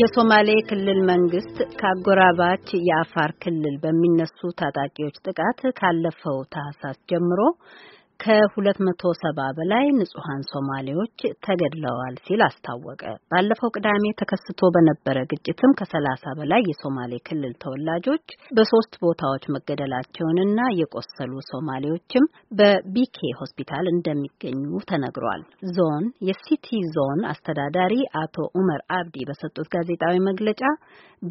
የሶማሌ ክልል መንግስት ከአጎራባች የአፋር ክልል በሚነሱ ታጣቂዎች ጥቃት ካለፈው ታህሳስ ጀምሮ ከ270 በላይ ንጹሐን ሶማሌዎች ተገድለዋል ሲል አስታወቀ። ባለፈው ቅዳሜ ተከስቶ በነበረ ግጭትም ከ30 በላይ የሶማሌ ክልል ተወላጆች በሶስት ቦታዎች መገደላቸውንና የቆሰሉ ሶማሌዎችም በቢኬ ሆስፒታል እንደሚገኙ ተነግሯል። ዞን የሲቲ ዞን አስተዳዳሪ አቶ ኡመር አብዲ በሰጡት ጋዜጣዊ መግለጫ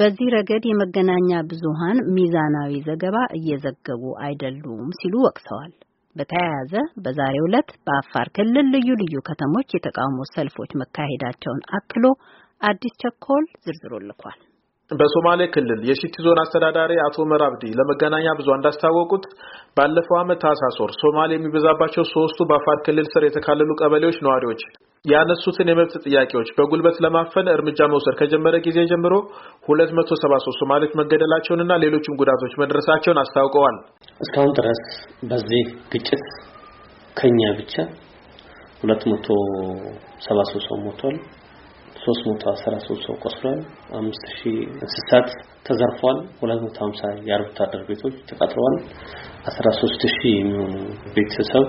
በዚህ ረገድ የመገናኛ ብዙሃን ሚዛናዊ ዘገባ እየዘገቡ አይደሉም ሲሉ ወቅሰዋል። በተያያዘ በዛሬው ዕለት በአፋር ክልል ልዩ ልዩ ከተሞች የተቃውሞ ሰልፎች መካሄዳቸውን አክሎ አዲስ ቸኮል ዝርዝሩ ልኳል። በሶማሌ ክልል የሲቲ ዞን አስተዳዳሪ አቶ ዑመር አብዲ ለመገናኛ ብዙ እንዳስታወቁት ባለፈው ዓመት ታህሳስ ወር ሶማሌ የሚበዛባቸው ሶስቱ በአፋር ክልል ስር የተካለሉ ቀበሌዎች ነዋሪዎች ያነሱትን የመብት ጥያቄዎች በጉልበት ለማፈን እርምጃ መውሰድ ከጀመረ ጊዜ ጀምሮ 273 ሶማሌዎች መገደላቸውንና ሌሎችም ጉዳቶች መድረሳቸውን አስታውቀዋል። እስካሁን ድረስ በዚህ ግጭት ከኛ ብቻ 273 ሰው ሞቷል፣ 313 ሰው ቆስሏል፣ 5000 እንስሳት ተዘርፏል፣ 250 የአርብቶ አደር ቤቶች ተቃጥለዋል፣ 13000 የሚሆኑ ቤተሰብ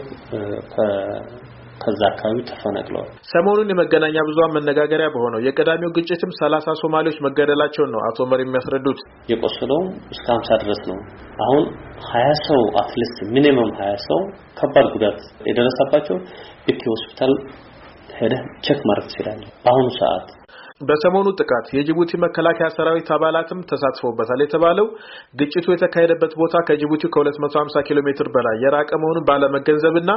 ከዛ አካባቢ ተፈናቅለዋል። ሰሞኑን የመገናኛ ብዙሃን መነጋገሪያ በሆነው የቀዳሚው ግጭትም ሰላሳ ሶማሌዎች መገደላቸውን ነው አቶ መሪ የሚያስረዱት። የቆሰለውም እስከ ሀምሳ ድረስ ነው። አሁን ሀያ ሰው አትሊስት ሚኒመም ሀያ ሰው ከባድ ጉዳት የደረሰባቸው ልክ ሆስፒታል ሄደህ ቼክ ማድረግ ትችላለህ በአሁኑ ሰዓት በሰሞኑ ጥቃት የጅቡቲ መከላከያ ሰራዊት አባላትም ተሳትፎበታል የተባለው ግጭቱ የተካሄደበት ቦታ ከጅቡቲ ከ250 ኪሎ ሜትር በላይ የራቀ መሆኑን እና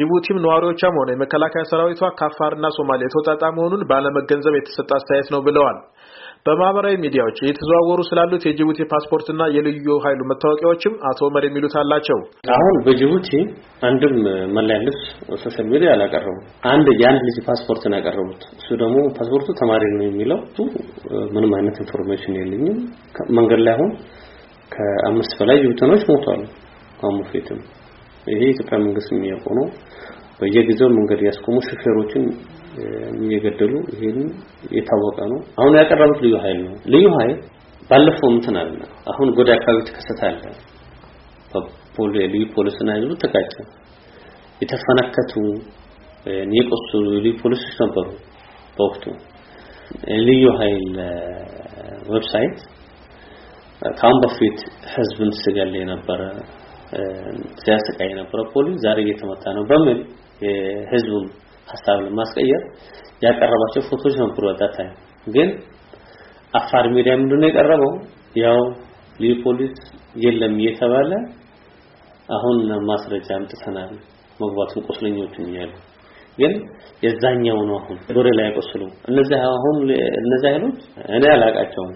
ጅቡቲም ነዋሪዎቿም ሆነ የመከላከያ ሰራዊቷ ከአፋርና ሶማሌ የተወጣጣ መሆኑን ባለመገንዘብ የተሰጠ አስተያየት ነው ብለዋል። በማህበራዊ ሚዲያዎች እየተዘዋወሩ ስላሉት የጅቡቲ ፓስፖርትና የልዩ ኃይሉ መታወቂያዎችም አቶ መር የሚሉት አላቸው። አሁን በጅቡቲ አንድም መለያ ልብስ ሶሻል ሚዲያ አላቀረቡ። አንድ የአንድ ልጅ ፓስፖርትን ያቀረቡት እሱ ደግሞ ፓስፖርቱ ተማሪ ነው የሚለው ምንም አይነት ኢንፎርሜሽን የለኝም። መንገድ ላይ አሁን ከአምስት በላይ ጅቡቲኖች ሞቷል። አሙፌትም ይሄ የኢትዮጵያ መንግስት የሚያውቁ ነው። በየጊዜው መንገድ ያስቆሙ ሹፌሮችን እየገደሉ ይሄን የታወቀ ነው። አሁን ያቀረቡት ልዩ ኃይል ነው። ልዩ ኃይል ባለፈው እንትን አለ። አሁን ጎዳ አካባቢ ተከሰተ አለ። በፖሊ ልዩ ፖሊስና ህዝቡ ተጋጨ። የተፈነከቱ የቆሰሉ ልዩ ፖሊሶች ነበሩ። በወቅቱ ልዩ ኃይል ዌብሳይት ከአሁን በፊት ህዝብን ስገል የነበረ ሲያሰቃይ የነበረው ፖሊስ ዛሬ እየተመታ ነው በሚል የህዝቡን ሀሳብ ለማስቀየር ያቀረባቸው ፎቶዎች ነበሩ። አጣታ ግን አፋር ሚዲያ ምንድነው የቀረበው? ያው ልዩ ፖሊስ የለም እየተባለ አሁን ማስረጃ አምጥተናል መግባቱን ቁስለኞቹን እያሉ ግን የዛኛው ነው አሁን ጎሬ ላይ ቆስሉ እነዚህ አሁን እነዚህ አይኖች እኔ አላቃቸውም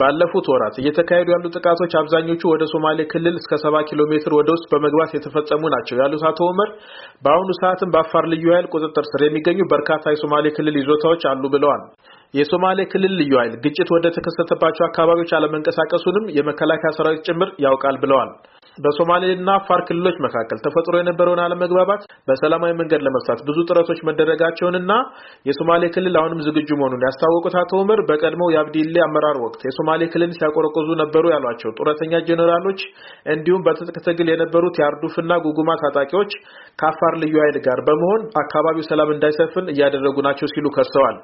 ባለፉት ወራት እየተካሄዱ ያሉ ጥቃቶች አብዛኞቹ ወደ ሶማሌ ክልል እስከ ሰባ ኪሎ ሜትር ወደ ውስጥ በመግባት የተፈጸሙ ናቸው ያሉት አቶ ኡመር በአሁኑ ሰዓትም በአፋር ልዩ ኃይል ቁጥጥር ስር የሚገኙ በርካታ የሶማሌ ክልል ይዞታዎች አሉ ብለዋል። የሶማሌ ክልል ልዩ ኃይል ግጭት ወደ ተከሰተባቸው አካባቢዎች አለመንቀሳቀሱንም የመከላከያ ሰራዊት ጭምር ያውቃል ብለዋል። በሶማሌና አፋር ክልሎች መካከል ተፈጥሮ የነበረውን አለመግባባት በሰላማዊ መንገድ ለመፍታት ብዙ ጥረቶች መደረጋቸውንና የሶማሌ ክልል አሁንም ዝግጁ መሆኑን ያስታወቁት አቶ ኡመር በቀድሞው የአብዲሌ አመራር ወቅት የሶማሌ ክልል ሲያቆረቆዙ ነበሩ ያሏቸው ጡረተኛ ጄኔራሎች እንዲሁም በትጥቅ ትግል የነበሩት የአርዱፍና ጉጉማ ታጣቂዎች ከአፋር ልዩ ኃይል ጋር በመሆን አካባቢው ሰላም እንዳይሰፍን እያደረጉ ናቸው ሲሉ ከሰዋል።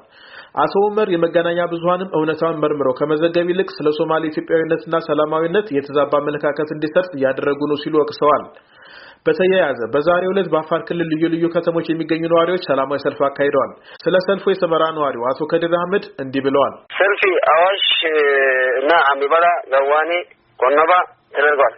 አቶ ኡመር የመገናኛ ብዙሃንም እውነታውን መርምረው ከመዘገብ ይልቅ ስለ ሶማሌ ኢትዮጵያዊነትና ሰላማዊነት የተዛባ አመለካከት እንዲሰርጥ እያደረጉ ነው ሲሉ ወቅሰዋል። በተያያዘ በዛሬው ዕለት በአፋር ክልል ልዩ ልዩ ከተሞች የሚገኙ ነዋሪዎች ሰላማዊ ሰልፍ አካሂደዋል። ስለ ሰልፉ የሰመራ ነዋሪው አቶ ከድር አህመድ እንዲህ ብለዋል። ሰልፊ አዋሽ እና አሚበላ፣ ገዋኔ፣ ቆነባ ተደርጓል።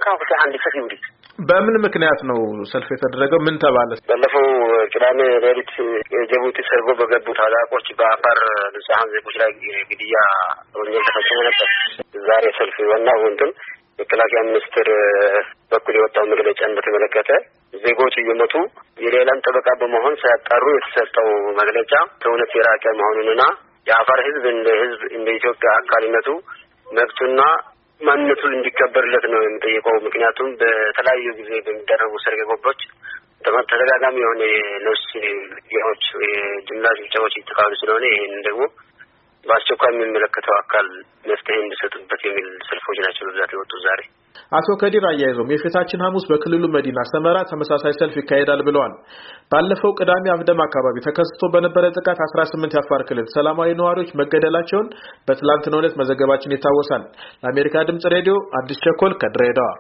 በምን ምክንያት ነው ሰልፍ የተደረገው? ምን ተባለ? ባለፈው ቅዳሜ ሌሊት የጅቡቲ ሰርጎ በገቡ ታጣቂዎች በአፋር ንጹሐን ዜጎች ላይ ግድያ ወንጀል ተፈጽሞ ነበር። ዛሬ ሰልፍ ወና ወንድም መከላከያ ሚኒስትር በኩል የወጣው መግለጫን በተመለከተ ዜጎች እየሞቱ የሌላን ጠበቃ በመሆን ሳያጣሩ የተሰጠው መግለጫ ከእውነት የራቀ መሆኑንና የአፋር ሕዝብ እንደ ሕዝብ እንደ ኢትዮጵያ አካልነቱ መብቱና ማንነቱን እንዲከበርለት ነው የሚጠይቀው ምክንያቱም በተለያዩ ጊዜ በሚደረጉ ሰርግ ገቦች ተደጋጋሚ የሆነ የነፍስ ዎች የጅምላ ጭፍጨፋዎች ይተካሉ ስለሆነ ይህን ደግሞ በአስቸኳይ የሚመለከተው አካል መፍትሄ እንዲሰጡበት የሚል ሰልፎች ናቸው በብዛት የወጡት ዛሬ። አቶ ከዲር አያይዘውም የፊታችን ሐሙስ በክልሉ መዲና ሰመራ ተመሳሳይ ሰልፍ ይካሄዳል ብለዋል። ባለፈው ቅዳሜ አፍደም አካባቢ ተከስቶ በነበረ ጥቃት አስራ ስምንት የአፋር ክልል ሰላማዊ ነዋሪዎች መገደላቸውን በትላንትናው ዕለት መዘገባችን ይታወሳል። ለአሜሪካ ድምጽ ሬዲዮ አዲስ ቸኮል ከድሬዳዋ